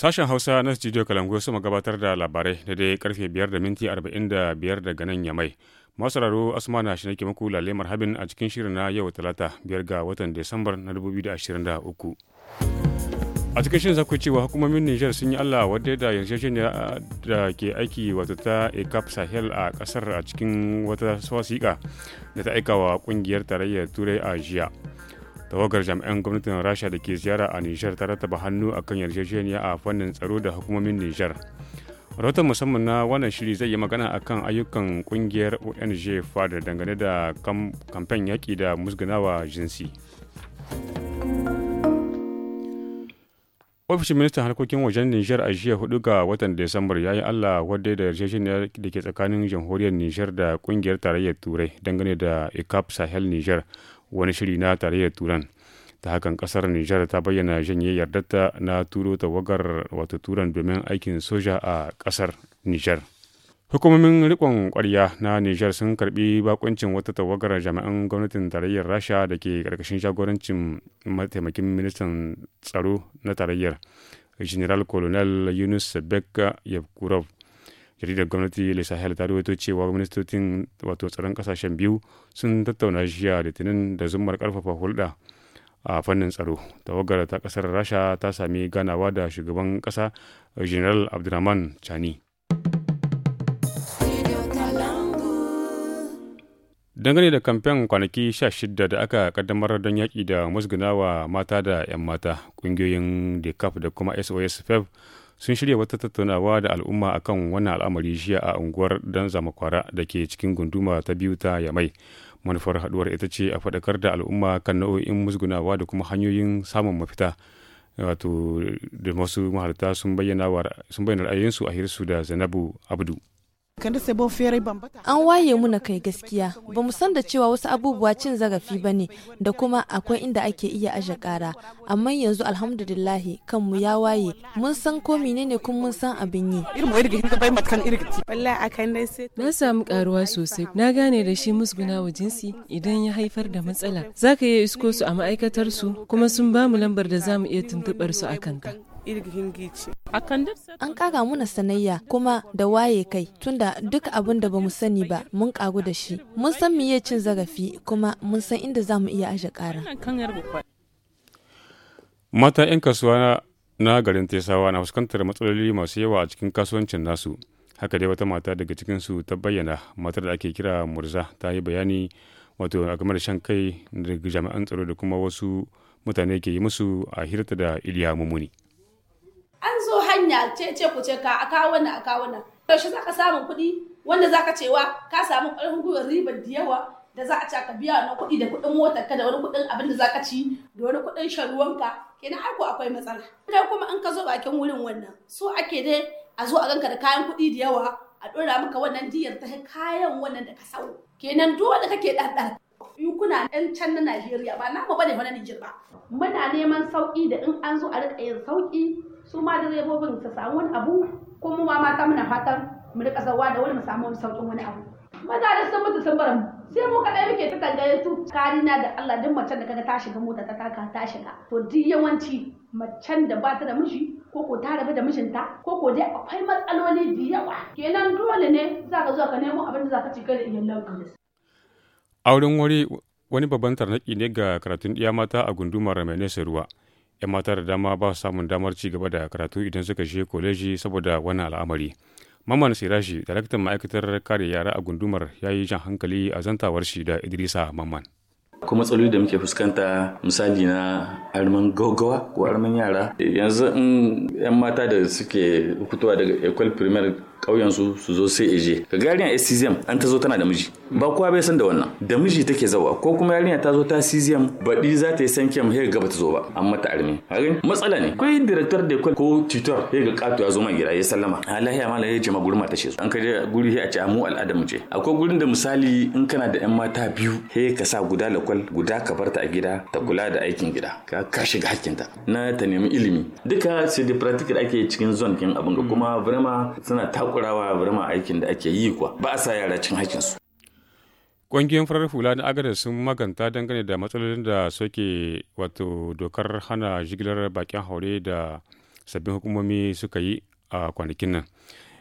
Sashen Hausa na Studio kalangu su gabatar da labarai da dai karfe 5 da minti 45 daga nan Yamai. Masararo Asmana shi nake muku lalle marhabin a cikin shirin na yau Talata biyar ga watan disambar na 2023. A cikin shirin zaku cewa hukumomin Nijar sun yi Allah wadda da yanzu ne da ke aiki wata ta ECAP Sahel a kasar a cikin wata wasiƙa da ta aika wa kungiyar tarayyar Turai a jiya. tawagar jami'an gwamnatin rasha da ke ziyara a nijar ta rattaba hannu a kan yarjejeniya a fannin tsaro da hukumomin nijar rahoton musamman na wannan shiri zai yi magana akan ayyukan kungiyar ong fada dangane da kamfen yaƙi da musgunawa jinsi ofishin ministan harkokin wajen nijar a jiya hudu ga watan desambar ya yi allah wadda da yarjejeniyar da ke tsakanin jamhuriyar nijar da kungiyar tarayyar turai dangane da icap e sahel nijar wani shiri na tarayyar turan ta hakan kasar nijar ta bayyana janye yardarta na turo tawagar wata turan domin aikin soja a kasar nijar hukumomin rikon kwarya na nijar sun karbi bakuncin wata tawagar jami'an gwamnatin tarayyar rasha da ke karkashin jagorancin mataimakin ministan tsaro na tarayyar general colonel yunus bek yabkurov jaridar gwamnati lesa ta rawaito cewa ministocin wato tsaron kasashen biyu sun tattauna jiya litinin da zumar karfafa hulɗa a fannin tsaro tawagar ta kasar rasha ta sami ganawa da shugaban kasa general abdulrahman chani dangane da kamfen kwanaki 16 da aka kaddamar don yaƙi da musgunawa mata da 'yan mata ƙungiyoyin kaf da kuma sos 5 sun shirya wata tattaunawa da al'umma akan wannan al'amari jiya a unguwar dan zamakwara da ke cikin gunduma ta biyu ta yamai manufar haduwar ita ce a faɗakar da al'umma kan nau'o'in musgunawa da kuma hanyoyin samun mafita wato da masu mahalarta sun bayyana ra'ayinsu a hirsu da zainabu abdu An waye muna kai gaskiya, ba mu san da cewa wasu abubuwa cin zarafi ba ne da kuma akwai inda ake iya aje kara, amma yanzu alhamdulillahi kanmu ya waye mun san ko ne kun mun san abin yi. Na samu karuwa sosai, na gane da shi musguna wa jinsi idan ya haifar da matsala. Za ka iya isko su a ma'aikatar su kuma sun ba mu lambar da za mu iya tuntuɓar su a kanta. irgingici. An ƙara muna sanayya kuma da waye kai tunda duk abin da ba mu sani ba mun kagu da shi. Mun san miye cin zarafi kuma mun san inda za mu iya aje kara Mata 'yan kasuwa na garin Tesawa na fuskantar matsaloli masu yawa a cikin kasuwancin nasu. Haka dai wata mata daga cikinsu ta bayyana matar da ake kira Murza ta yi bayani wato a game da shan kai daga jami'an tsaro da kuma wasu mutane ke yi musu a hirta da Iliya Mumuni. an zo hanya ce ce ku ce ka a wannan a wannan yaushe za ka samu kuɗi wanda za ka cewa ka samu ƙarfin gwiwar ribar da yawa da za a ci ka biya wani kuɗi da kuɗin motar ka da wani kuɗin abin da za ka ci da wani kuɗin sharuwan ka? kenan har ko akwai matsala kai kuma an ka zo bakin wurin wannan so ake dai a zo a ganka da kayan kuɗi da yawa a ɗora maka wannan diyar ta kayan wannan da ka sau kenan duk wanda kake ɗanɗan kuna ɗan can na Najeriya ba na ba bane wani Nijar ba muna neman sauƙi da in an zo a riƙa yin su ma direbobin su samu wani abu ko mu ma mata muna fatan mu rika zawa da wani mu samu wani sauƙin wani abu maza da sun mutu sun bar sai mu kaɗai muke ta tangare tu karina da Allah duk macen da kaga ta shiga mota ta taka ta shiga to duk yawanci macen da ba ta da miji ko ko ta rabu da mijinta ko ko dai akwai matsaloli da yawa kenan dole ne za ka zo ka nemo abin da za ka ci da iyalanka auren wuri wani babban tarnaki ne ga karatun iya mata a gundumar mai nesa ruwa 'yan mata da dama ba su samun damar ci gaba da karatu idan suka shi koleji saboda wannan al'amari maman sirashi daraktan ma'aikatar kare yara a gundumar ya yi jan hankali a zantawar shi da idrisa mamman. kuma matsaloli da muke fuskanta misali na arman gaugawa ko arman yara yanzu in yan mata da suke fitowa daga ecole primaire kauyen su su zo sai eje ga yarinya SCZM an ta zo tana da miji ba kowa bai san da wannan da miji take zawa ko kuma yarinya ta zo ta CZM baɗi za ta yi san kyam sai ga bata zo ba an mata armi harin matsala ne kai director da ko tutor sai ga katu ya zo mai gida ya sallama alahiya mala ya ce gurma ta ce an ka je guri sai a ce mu al'ada mu ce akwai gurin da misali in kana da yan mata biyu sai ka sa guda lakwal guda ka bar ta a gida ta kula da aikin gida ka ka shiga hakkinta na ta nemi ilimi duka sai da practical ake cikin zone kin abin ga kuma vraiment suna ta bari ma aikin da ake yi kuwa ba a sa yara cin su. Ƙungiyoyin farar hula na agada sun maganta dangane da matsalolin da suke wato dokar hana jigilar bakin haure da sabbin hukumomi suka yi a kwanakin nan.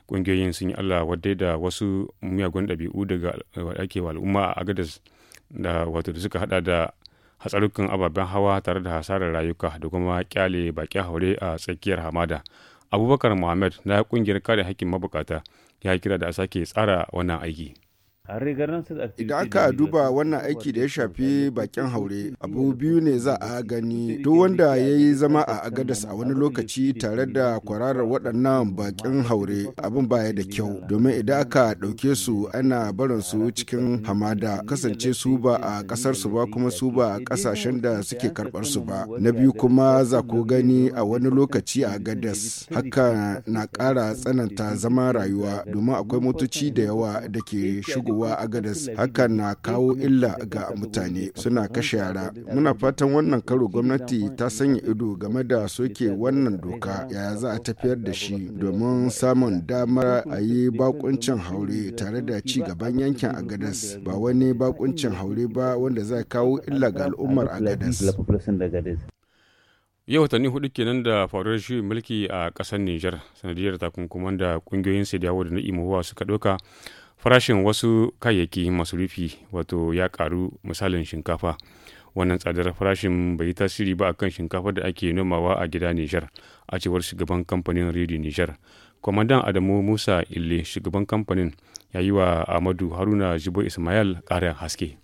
Ƙungiyoyin sun yi Allah wadai da wasu miyagun ɗabi'u daga ake wa al'umma a agada da wato da suka hada da hatsarukan ababen hawa tare da hasarar rayuka da kuma kyale bakin haure a tsakiyar hamada. abubakar muhammad na kungiyar kare hakkin mabukata ya kira da a sake tsara wannan aiki Idan aka duba wannan aiki da ya shafi bakin haure, abu biyu ne za a gani duk wanda ya yi zama a agadas a wani lokaci tare da kwararar waɗannan bakin haure abin baya da kyau. Domin idan aka ɗauke su ana barin su cikin hamada kasance su ba a ƙasar su ba kuma su ba a ƙasashen da suke karɓar su ba. Na biyu kuma za ku gani a wani lokaci a agadas haka na ƙara tsananta zama rayuwa domin akwai motoci da yawa da ke shigo. ruwa a gadas hakan na kawo illa ga mutane suna kashe yara muna fatan wannan karo gwamnati ta sanya ido game da soke wannan doka yaya za a tafiyar da shi domin samun damar a yi bakuncin haure tare da ci gaban yankin a gadas ba wani bakuncin haure ba wanda zai kawo illa ga al'ummar a gadas. yau watanni hudu kenan da faruwar shi mulki a kasar niger sanadiyar takunkuman da kungiyoyin sai da na imowa suka doka farashin wasu kayayyaki rufi wato ya karu misalin shinkafa wannan tsadar farashin bai yi tasiri ba akan shinkafa da ake nomawa a gida nijar a cewar shugaban kamfanin redi nijar kwamandan adamu musa ille shugaban kamfanin ya yi wa amadu haruna jibo ismail ƙarin haske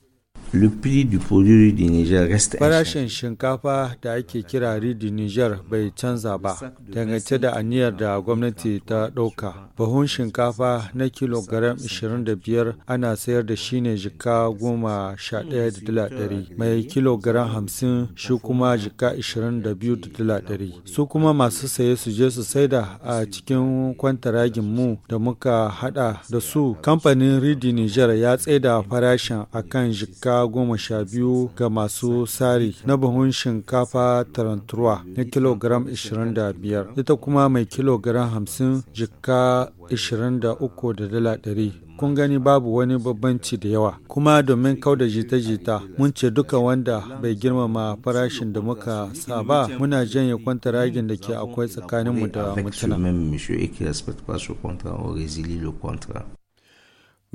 Farashin shinkafa da ake kira Ridi Niger bai canza ba, dangance da aniyar da gwamnati ta ɗauka. Bahun shinkafa na kilogram 25 ana sayar da shi ne jika goma sha ɗaya da dala dari mai kilogram 50 shi kuma jika 22 da dala dari Su kuma masu saye su je su saida a cikin kwantaragin mu da muka hada da su. Kamfanin Ridi Niger ya tsaida farashin akan jika jika goma sha biyu ga masu sari na buhun shinkafa tarantruwa na kilogram 25 ita kuma mai kilogram hamsin jika 23 da dala 100 kun gani babu wani babbanci da yawa kuma domin kauda jita-jita mun ce duka wanda bai girmama farashin da muka saba muna kwanta ragin da ke akwai tsakaninmu da mutuna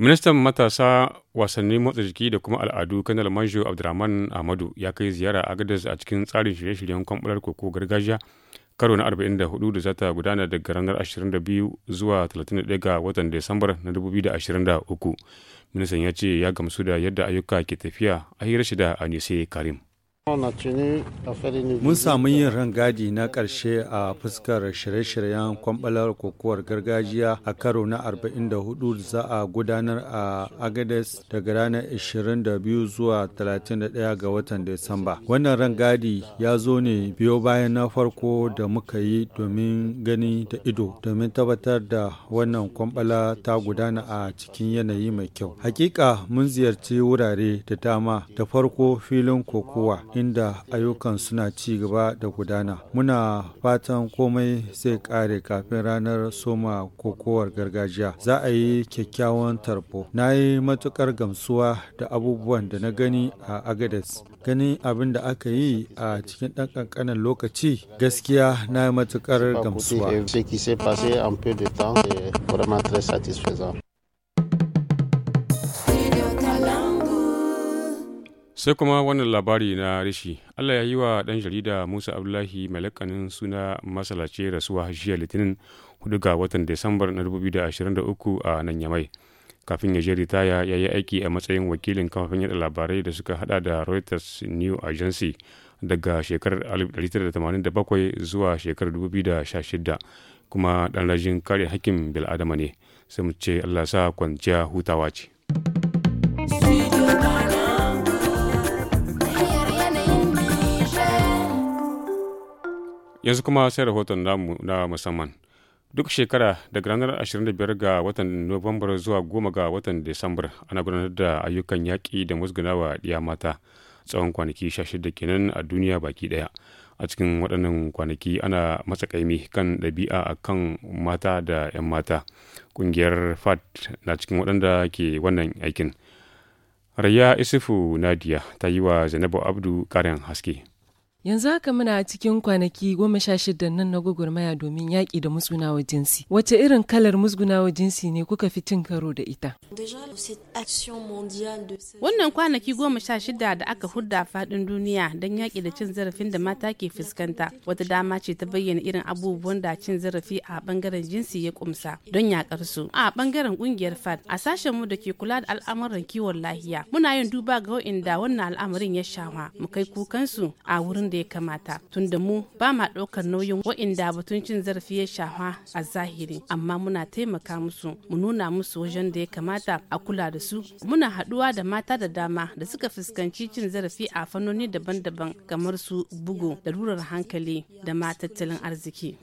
Ministan matasa wasannin motsa jiki da kuma al'adu kanal Manjo Abdurahman Ahmadu ya kai ziyara Agadez a cikin tsarin shirye-shiryen kwamfular koko gargajiya karo na 44 da za ta gudana daga ranar 22 zuwa 31 ga watan Disambar na 2023. Ministan ya ce ya gamsu da yadda ayyuka ke tafiya a hirar rashida a nise Karim. Mun samu yin rangadi na ƙarshe a fuskar shirye-shiryen kwamɓalar kokowar gargajiya a karo na 44 za a gudanar a Agades daga ranar 22 zuwa 31 ga watan Disamba. Wannan rangadi ya zo ne biyo bayan na farko da muka yi domin gani da ido domin tabbatar da wannan kwamɓala ta gudana a cikin yanayi mai kyau. Hakika mun ziyarci wurare da dama da farko filin kokowa inda ayyukan suna ci gaba da gudana. Muna fatan komai zai kare kafin ranar soma kokowar gargajiya. Za a yi kyakkyawan tarbo. Na yi matukar gamsuwa da abubuwan da na gani a Agades. gani abin da aka yi a cikin ɗan ƙanƙanin lokaci gaskiya na yi matukar gamsuwa. sai kuma wannan labari na rishi allah ya yi wa ɗan jarida musa abdullahi mai lakanin suna masalace rasuwa jiya litinin 4 ga watan disambar na 2023 a nan yamai kafin ya je ritaya ya yi aiki a matsayin wakilin kafafen yada labarai da suka hada da reuters new agency daga shekarar 1987 zuwa shekarar 2016 kuma ɗan rajin kare hakkin bil'adama ne sai mu ce allah sa kwanciya hutawa ce Yanzu kuma sai rahoton namu na musamman. Duk shekara daga ranar 25 ga watan Nuwambar zuwa 10 ga watan Disambar ana gudanar da ayyukan yaƙi da musgunawa ɗiya mata tsawon kwanaki 16 kenan a duniya baki ɗaya. A cikin waɗannan kwanaki ana matsakaimi kan ɗabi'a a kan mata da 'yan mata. Ƙungiyar FAT na cikin waɗanda ke wannan aikin. Raya Isufu Nadia ta yi wa Zainabu Abdu ƙarin haske. Yanzu haka muna cikin kwanaki goma sha shida nan na gwagwarmaya domin yaƙi da musgunawa jinsi. Wace irin kalar musgunawa jinsi ne kuka fi cin karo da ita? Wannan kwanaki goma sha shida da aka hudda faɗin duniya don yaƙi da cin zarafin da mata ke fuskanta. Wata dama ce ta bayyana irin abubuwan da cin zarafi a ɓangaren jinsi ya kumsa don yaƙar su. A ɓangaren ƙungiyar FAD a sashen mu da ke kula da al'amuran kiwon lahiya. Muna yin duba ga wa'inda wannan al'amarin ya shawa mu kai kukansu a wurin da ya kamata tunda mu ba ma ɗaukar nauyin wa'inda batun cin zarafi ya shafa a zahiri amma muna taimaka musu mu nuna musu wajen da ya kamata a kula da su muna haɗuwa da mata da dama da suka fuskanci cin zarafi a fannoni daban-daban kamar su bugu rurar hankali da ma tattalin arziki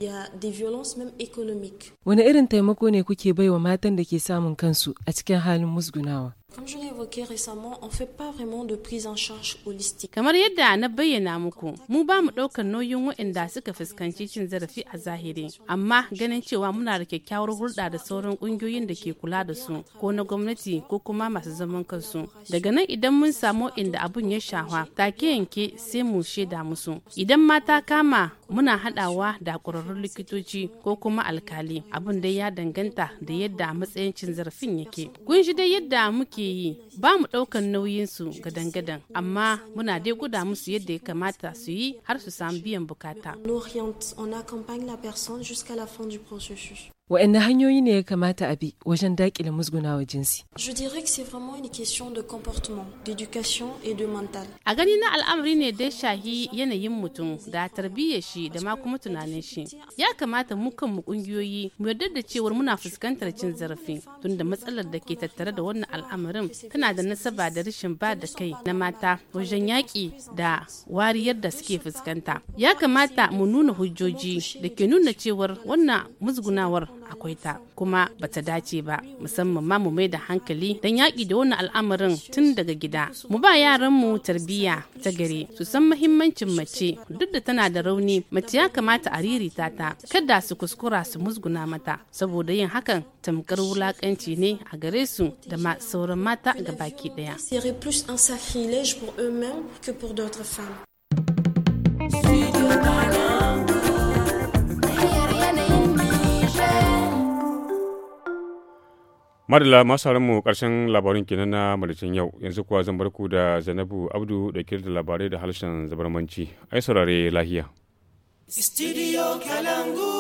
wani irin taimako ne kuke baiwa matan da ke samun kansu a cikin halin musgunawa Comme je l'ai évoqué récemment, on fait pas vraiment de prise en charge holistique. Kamar yadda na bayyana muku, mu ba mu ɗaukar nauyin waɗanda suka fuskanci cin zarafi a zahiri, amma ganin cewa muna da kyakkyawar hulɗa da sauran ƙungiyoyin da ke kula da su, ko na gwamnati ko kuma masu zaman kansu. Daga nan idan mun samu inda abun ya shafa, take yanke sai mu shaida musu. Idan mata kama muna haɗawa da ƙwararrun likitoci ko kuma alkali, abun dai ya danganta da yadda matsayin cin zarafin yake. Kun shi dai yadda muke suke yi ba mu ɗaukan nauyinsu gadan-gadan amma muna dai guda musu yadda ya kamata su yi har su samu biyan bukata. Waɗanne hanyoyi ne ya kamata a bi wajen daƙile musgunawa jinsi? Je dirais que c'est vraiment une question de comportement, d'éducation et de mental. A gani na al'amari ne dai shahi yanayin mutum da tarbiyyar shi da ma kuma tunanin shi. Ya kamata mu kan mu kungiyoyi mu yarda da cewar muna fuskantar cin zarafi tunda matsalar da ke tattare da wannan al'amarin tana da nasaba da rashin ba da kai na mata wajen yaƙi da wariyar da suke fuskanta. Ya kamata mu nuna hujjoji da ke nuna cewar wannan musgunawar akwai ta kuma bata dace ba musamman ma mu mai da hankali don yaƙi da wani al'amarin tun daga gida mu ba yaran mu tarbiyya ta gari su san mahimmancin mace duk da tana da rauni mace ya kamata a ririta ta kada su kuskura su musguna mata saboda yin hakan tamkar wulakanci ne a gare su da ma sauran mata ga baki daya Studio Ghana. Madala masu mu karshen labarin kenan na malicin yau yanzu kuwa zan bar ku da Zainabu Abdu da da labarai da harshen zabarmanci. Ai saurare lahiya. Studio Kalangu.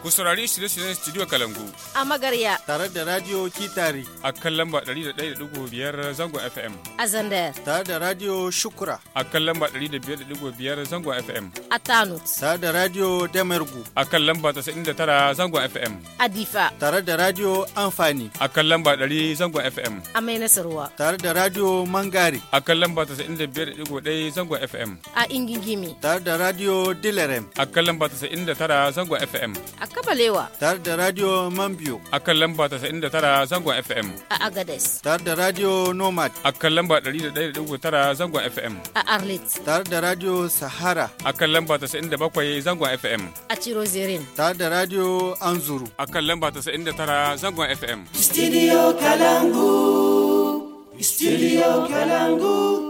Ku saurari shirye-shiryen Studio Kalangu. A Magarya. Tare da Radio Kitari. A kan lamba 101.5 Zangon FM. A Zandayar. Tare da Radio Shukura. A kan lamba 105.5 Zangon FM. A Tanut. Tare da Radio Damergu. A kan lamba 99 Zangon FM. A Difa. Tare da Radio Amfani. A kan lamba 100 Zangon FM. A Mai Nasarwa. Tare da Radio Mangari. A kan lamba 95.1 Zangon FM. A Ingigimi. Tare da Radio Dilerem. A kan lamba 99 Zangon FM. A Kabalewa. Tare da Radio Mambio. A kan lamba 99 zangon FM. A Agades. Tare da Radio Nomad. A kan lamba 101.9 zangon FM. A Arlit. Tare da Radio Sahara. A kan lamba 97 zangon FM. A Chirozirin. Tare da Radio Anzuru. A kan lamba 99 zangon FM. Studio Kalangu. Studio Kalangu.